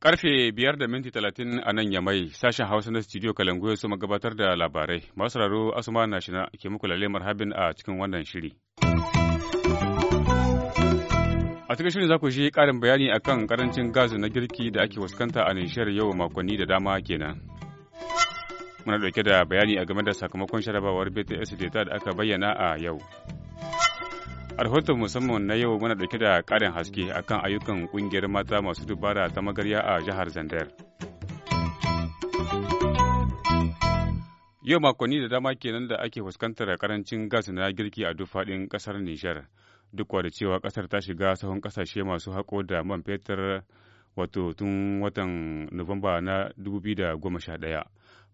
Karfe biyar da minti talatin a nan Yamai, sashen Hausa na studio Kalangu ya suma gabatar da labarai. Masu raro Asuma na shina ke muku lalle marhabin a cikin wannan shiri. A cikin shirin za ku shi ƙarin bayani akan karancin gas na girki da ake fuskanta a Nishiyar yau makonni da dama kenan. muna dauke da bayani a game da sakamakon sharabawar BTS Data da aka bayyana a yau. A rahoton musamman na yau muna dauke da ƙarin haske akan ayyukan ƙungiyar mata masu dubara ta magarya a jihar Zandar. Yau makonni da dama kenan da ake fuskantar karancin gas na girki a duk faɗin ƙasar Nijar. Duk da cewa ƙasar ta shiga sahun kasashe masu hako da man fetur wato tun watan Nuwamba na 2011.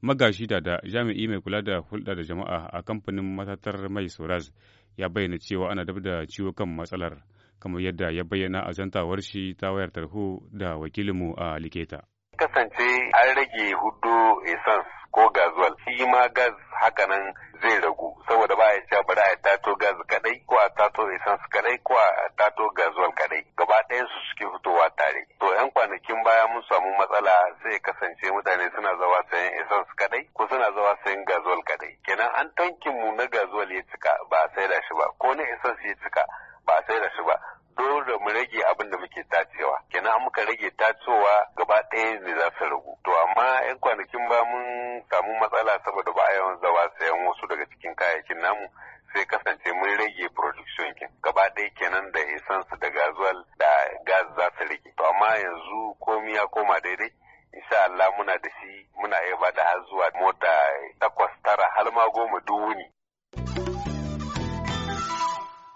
Magashi da jami'i mai kula da hulɗa da jama'a a kamfanin matatar mai Soraz ya bayyana cewa ana dab da ciwo kan matsalar, kamar yadda ya bayyana a zantawar shi ta wayar tarho da wakilinmu a Liketa. Kasance an rage hudu essence ko gazuwal shi ma gas hakanan zai ragu saboda ba ya sha bari a tato gas kadai ko a tato essence kadai ko a tato gazuwal kadai gaba ɗayan su suke fitowa tare to yan kwanakin baya mun samu matsala zai kasance mutane suna zawa sayan essence kadai ko suna zawa sayan gazuwal kadai kenan an tankin mu na gazuwal ya cika ba a da shi ba ko na essence ya cika ba a saida shi ba dole mu rage abin da muke tacewa kenan an muka rage tacewa gaba ɗaya ne za su ragu to amma yan kwanakin ba mun samu matsala saboda ba a yawan zawa sayan wasu daga cikin kayayyakin namu sai kasance mun rage production kin gaba ɗaya kenan da essence da gazuwal da gas za su rage to amma yanzu komi ya koma daidai insha Allah muna da shi muna iya bada har zuwa mota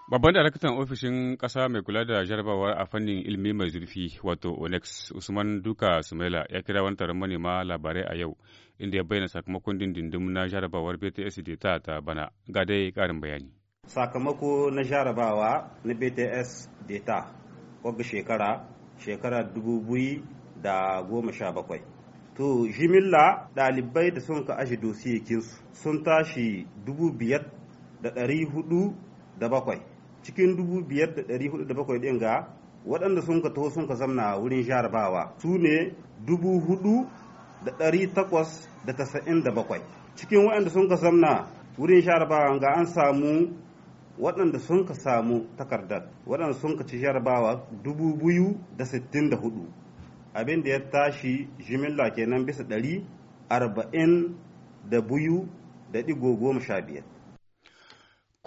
Babban daraktan ofishin ƙasa mai kula da jarabawa a fannin ilimi mai zurfi wato ONEX Usman Duka Sumaila ya kira wani taron manema labarai a yau inda ya bayyana sakamakon dindindim na jarabawar BTS ta ta bana ga dai ƙarin bayani. Sakamako na jarabawa na BTS Data wagga shekara shekara dubu da goma sha bakwai. To jimilla ɗalibai da sun ka aji dosiyekinsu sun tashi dubu biyar da ɗari hudu da bakwai cikin bakwai ɗin ga waɗanda sun ka taho sun ka zamna wurin jarabawa su ne 4,897 cikin waɗanda sun ka zamna wurin jarabawa ga an samu waɗanda sun ka samu takardar waɗanda sun ka ci jarabawa hudu abin da ya tashi jimilla kenan bisa ɗari arba'in da biyu da ɗigo goma sha biyar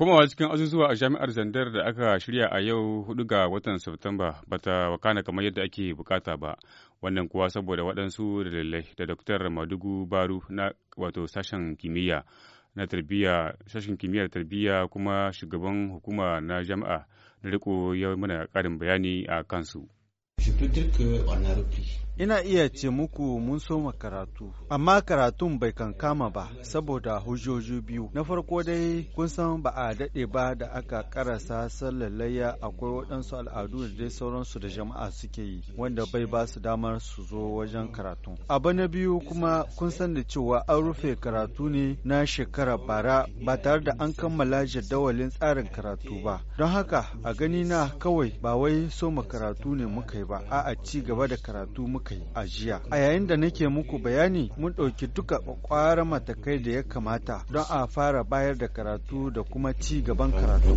komawa cikin azuzuwa a jami'ar zandar da aka shirya a yau hudu ga watan Satumba ba ta wakana kamar yadda ake bukata ba wannan kuwa saboda waɗansu da dalilai da Dr. Madugu Baru na wato sashen kimiyya na tarbiyya sashen kimiyyar tarbiyya kuma shugaban hukuma na jami'a da riko ya mana karin bayani a kansu. Ina iya ce muku mun soma karatu, amma karatun bai kan kama ba saboda hujjoji biyu. Na farko dai kun san ba a daɗe ba da aka karasa sallalaya akwai waɗansu al'adu da dai sauransu da jama'a suke yi wanda bai ba su damar su zo wajen karatu. Abu na biyu kuma kun san da cewa an rufe karatu ne na shekara bara ba tare da an kammala jadawalin tsarin karatu ba. Don haka a gani na kawai ba wai soma karatu ne muka yi ba, a'a ci gaba da karatu muka muka yi a jiya. A yayin da nake muku bayani mun ɗauki duka kwakwara matakai da ya kamata don a fara bayar da karatu da kuma ci gaban karatu.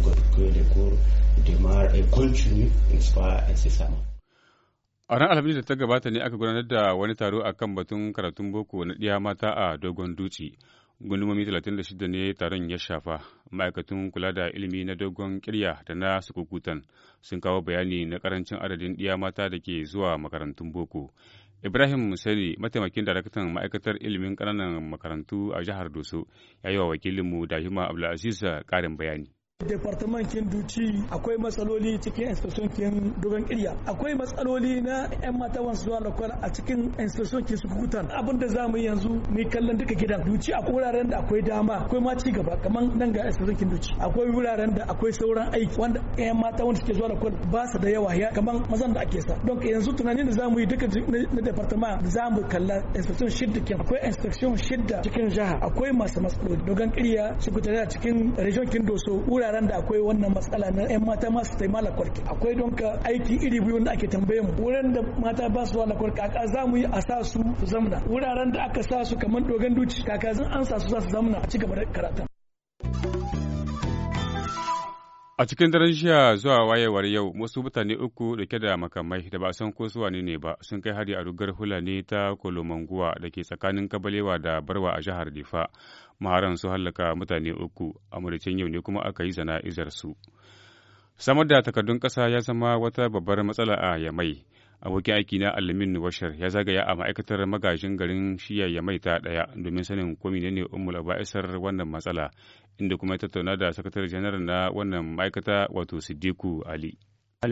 A ran Alhamis da ta gabata ne aka gudanar da wani taro a kan batun karatun boko na ɗiya mata a Dogon Dutse. Gundumomi 36 ne taron ya shafa, ma'aikatan kula da ilimi na dogon kirya da na sukukutan sun kawo bayani na karancin adadin ɗiya mata da ke zuwa makarantun boko. Ibrahim Musani, mataimakin daraktan ma'aikatar ilimin kananan makarantu a jihar Doso, ya yi wa wakilinmu Dahima Abdulaziz karin bayani. Departement kin duci akwai matsaloli cikin inspection kin dogon kirya akwai matsaloli na yan mata wasu zuwa lakwar a cikin inspection kin su kukutan abin da zamu yanzu ni kallon duka gidan duci a wuraren da akwai dama akwai ma ci gaba kaman nan ga inspection kin duci akwai wuraren da akwai sauran aiki wanda yan mata wanda suke zuwa lakwar ba su da yawa ya kaman mazan da ake sa don yanzu tunanin da zamu yi duka na departaman da zamu kalla inspection shidda kin akwai inspection shidda cikin jaha akwai masu matsaloli dogon kirya su a cikin region kin doso wuraren wuraren da akwai wannan matsala na 'yan mata masu ta lakwarki akwai don ka aiki iri biyu da ake tambaye mu wurin da mata ba su kwarki a za mu yi a sa su zamna wuraren da aka sa su kamar dogon duci kaka zan an sa su za su zamna a cigaba da karata. A cikin daren jiya zuwa wayewar yau, wasu mutane uku da ke da makamai da ba san ko su wane ne ba sun kai hari a rugar Fulani ta Kolomanguwa da ke tsakanin Kabalewa da Barwa a jihar Difa. maharan su hallaka mutane uku a yau ne kuma aka yi zana'izar su samar da takardun ƙasa ya zama wata babbar matsala a yamai abokin aiki na alamin washar ya zagaya a ma'aikatar magajin garin shiya yamai ta ɗaya domin sanin ko menene umul abaisar wannan matsala inda kuma ya tattauna da sakatare janar na wannan ma'aikata wato siddiku ali A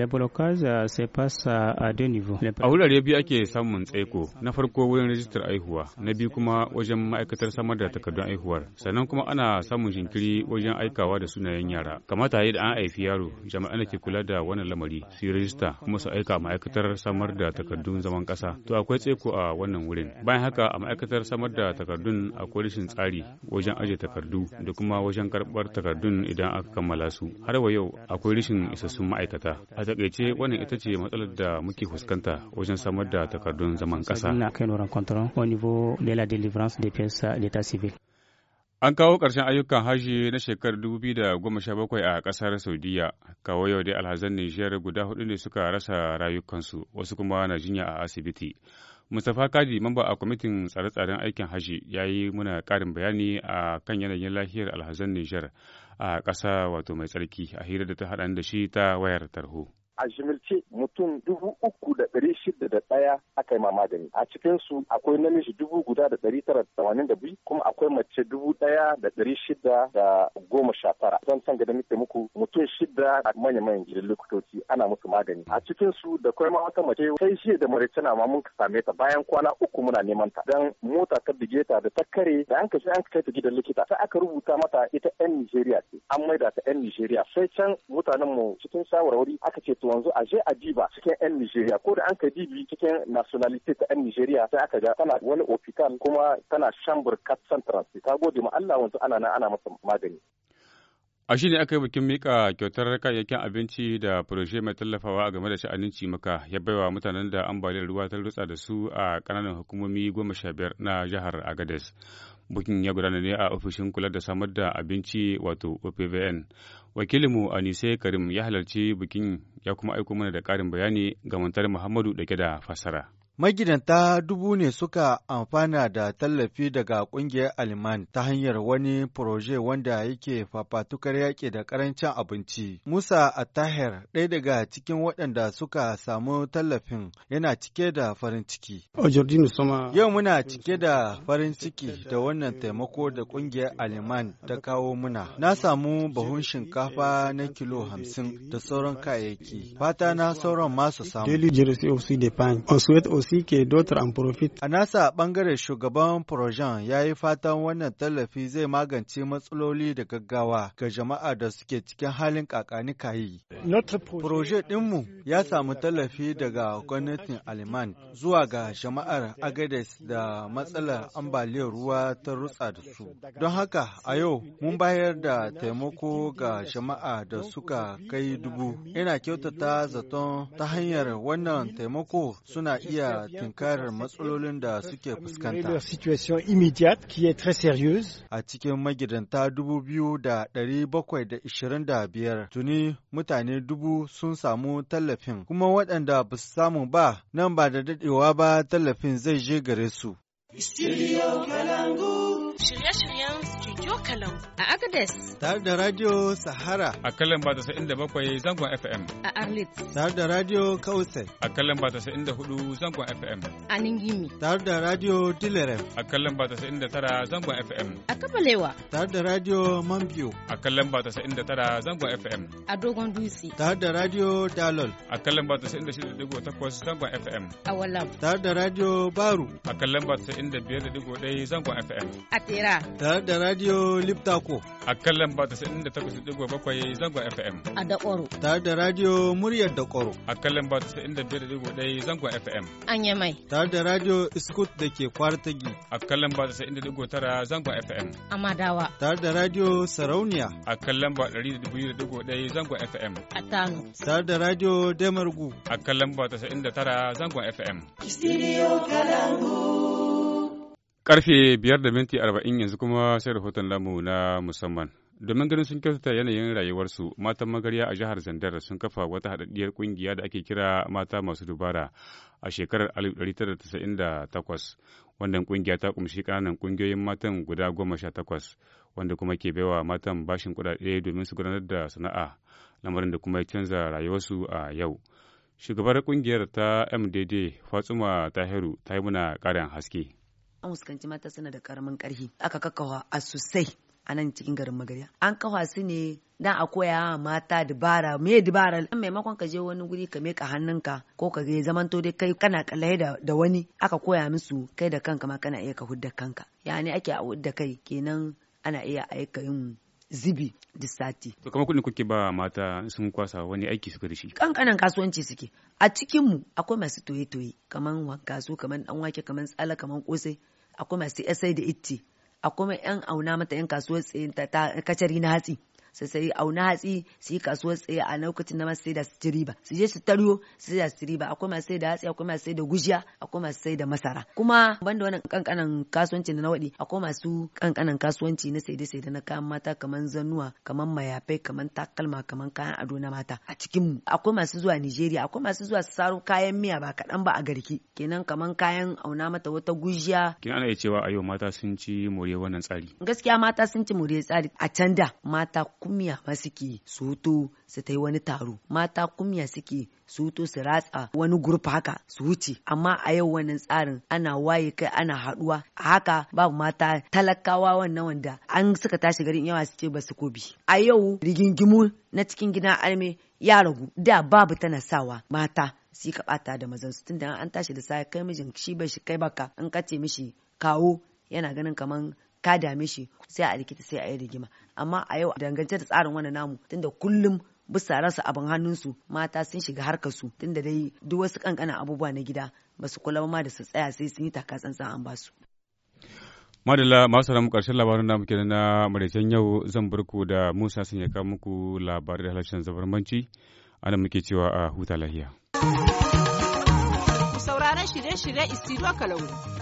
wurare biyu ake samun tsaiko, na farko wurin rajistar aihuwa, na biyu kuma wajen ma'aikatar samar da takardun aihuwar, sannan kuma ana samun jinkiri wajen aikawa da sunayen yara. Kamata yi da an aifi yaro, jami'an da ke kula da wannan lamari su yi rajista kuma su aika ma'aikatar samar da takardun zaman ƙasa. To akwai tsaiko a wannan wurin. Bayan haka a ma'aikatar samar da takardun akwai rashin tsari wajen aje takardu da kuma wajen karɓar takardun idan aka kammala su. Har wa yau akwai rashin isassun ma'aikata. a takaice wannan ita ce matsalar da muke fuskanta wajen samar da takardun zaman ƙasa an kawo ƙarshen ayyukan haji na shekarar 2017 a ƙasar saudiya kawo yau dai alhazan nijar guda hudu ne suka rasa rayukansu wasu kuma na jinya a asibiti mustapha kadi mamba a kwamitin tsare-tsaren aikin haji ya yi muna ƙarin bayani a kan yanayin lahiyar alhazan nijar a ƙasa wato mai tsarki a hira da ta haɗa da shi ta wayar tarho. a jimilce mutum dubu uku da ɗari shida da ɗaya aka yi magani a cikin su akwai namiji dubu guda da ɗari tara da tamanin da biyu kuma akwai mace dubu ɗaya da ɗari shida da goma sha tara zan san ga da muku mutum shida a manya-manyan gidan likitoci ana musu magani a cikin su da kwai ma wata mace sai shi da mare tana ma mun same ta bayan kwana uku muna neman ta dan mota ta bige ta da ta kare da an kashe an kai ta gidan likita sai aka rubuta mata ita yan Nijeriya ce an maida ta yan Nijeriya sai can mutanen mu cikin shawarwari aka ce su wanzu a je a diba cikin 'yan Nijeriya ko da an ka dibi cikin nationality ta 'yan Nijeriya sai aka ga tana wani ofital kuma tana shambur cat central ta gode ma Allah wanzu ana nan ana masa magani. A shi ne aka yi bikin mika kyautar kayayyakin abinci da furoshe mai tallafawa game da sha'anin cimaka ya baiwa mutanen da ambaliyar ruwa ta rutsa da su a kananan hukumomi goma sha biyar na jihar Agadez. bukin ya gudana ne a ofishin kula da samar da abinci wato opvn wakilinmu anise karim ya halarci bukin ya kuma aiko mana da karin bayani ga mantar muhammadu da da fasara Magidanta dubu ne suka amfana da tallafi daga ƙungiyar Aliman ta hanyar wani proje wanda yake fafatukar yaƙi da ƙarancin abinci. Musa Attahir, ɗaya daga cikin waɗanda suka samu tallafin, yana cike da farin ciki. Yau muna cike da farin ciki da wannan taimako da ƙungiyar Aliman ta kawo muna. Na samu buhun shinkafa na kilo hamsin da sauran kayayyaki. Fata na sauran masu samu. aussi A nasa bangaren shugaban Projan ya yi fatan wannan tallafi zai magance matsaloli da gaggawa ga jama'a da suke cikin halin kakani kayi. Proje ɗinmu ya samu tallafi daga gwamnatin Aliman zuwa ga jama'ar Agades da matsalar ambaliyar ruwa ta rutsa da su. Don haka a yau mun bayar da taimako ga jama'a da suka kai dubu. Ina kyautata zaton ta hanyar wannan taimako suna iya tunkarar matsalolin da suke fuskanta. A cikin magidanta dubu biyu da da ishirin da biyar tuni mutane dubu sun samu tallafin kuma waɗanda ba su samu ba nan ba da daɗewa ba tallafin zai je gare su. shirye Kalam. A Agadez. Tare da Radio Sahara. A kalan ba da bakwai zangon FM. A Arlit. Tare da Radio Kausai. A kalan ba da hudu zangon FM. A Ningimi. Tare da Radio Dilerem. A kalan ba da tara zangon FM. A Kabalewa. Tare da Radio Mambiyo. A kalan ba da tara zangon FM. A Dogon Dutse. Tare da Radio Dalol. A kalan ba da takwas zangon FM. A Walam. Tare da Radio Baru. A kalan ba da biyar digo zangon FM. A Tera. Tare da Radio Liptako. A kan lamba bakwai zangon FM. A Dakoro. Tare da Radio Muryar Dakoro. A kan lamba 95.1 zangon FM. An Yamai. Tare da Radio Scoot da ke Kwartagi. A kan lamba tara zangon FM. A Madawa. Tare da Radio Sarauniya. A kan lamba 102.1 zangon FM. A Tano. Tare da Radio Demargu. A kan lamba tara zangon FM. Studio Kalangu. Karfe biyar da minti arba'in yanzu kuma sai rahoton lamu na musamman. Domin ganin sun kyautata yanayin rayuwarsu, matan magarya a jihar Zandar sun kafa wata haɗaɗɗiyar ƙungiya da ake kira mata masu dubara a shekarar 1998. Wannan ƙungiya ta ƙumshi ƙananan ƙungiyoyin matan guda goma sha takwas, wanda kuma ke baiwa matan bashin kuɗaɗe domin su gudanar da sana'a, lamarin da kuma ya canza rayuwarsu a yau. Shugabar ƙungiyar ta MDD Fatsuma Tahiru ta yi muna ƙarin haske. an fuskanci mata suna da karamin karhi aka kakawa a sosai a nan cikin garin magariya an kawa su ne dan a koya wa mata dubara me dubara maimakon ka je wani guri ka meka hannunka ko ka ga zamanto dai kai kana kallaye da, da wani aka koya musu kai da kanka ma kana iya ka hudda kanka yani ake a hudda kai kenan ana iya aika yin zibi da sati. To kamar kuɗin kuke ba mata sun kwasa wani aiki suka da shi? Kankanan kasuwanci suke. A cikin mu akwai masu toye-toye kamar wankazo kamar dan wake kamar tsala kamar kosai akwai masu yasai da itti akwai 'yan auna mata 'yan kasuwar tsayin ta kacari na hatsi. su sayi auna hatsi su yi kasuwar tsaye a lokacin na masu sai da su riba su je su taryo su sai da su riba akwai masu sai da hatsi akwai masu sai da gujiya akwai masu sai da masara kuma banda wannan kankanan kasuwanci na nawaɗi akwai masu kankanan kasuwanci na sai da sai da na kayan mata kamar zannuwa kamar mayafai kamar takalma kamar kayan ado na mata a cikin akwai masu zuwa Nigeria akwai masu zuwa su saro kayan miya ba kaɗan ba a garki kenan kamar kayan auna mata wata gujiya kina ana iya cewa a yau mata sun ci more wannan tsari gaskiya mata sun ci more tsari a can da mata kumya ma suke su su ta wani taro mata kumya suke su su ratsa wani gurfa haka su wuce amma a yau wannan tsarin ana waye kai ana haduwa a haka babu mata talakawa wannan wanda an suka tashi garin yawa suke ba su kobi a yau rigingimu na cikin gidan arme ya ragu da babu tana sawa mata su ka bata da mazan su tunda an tashi da sa kai mijin shi bai shi kai baka in kace mishi kawo yana ganin kaman ka dame shi sai a rikita sai a yi rigima amma a yau dangance da tsarin wannan namu tunda kullum bisa rasa abin hannunsu mata sun shiga harkar su tunda dai duk wasu kankanan abubuwa na gida ba su kula ma da su tsaya sai sun yi taka tsantsan an basu. madalla masu ramu karshen labarin namu kenan na maraicen yau zan burku da musa sun ya kawo muku labarai da halashen zabarmanci ana muke cewa a huta lahiya. Sauraron shirye-shirye Isidro Kalauri.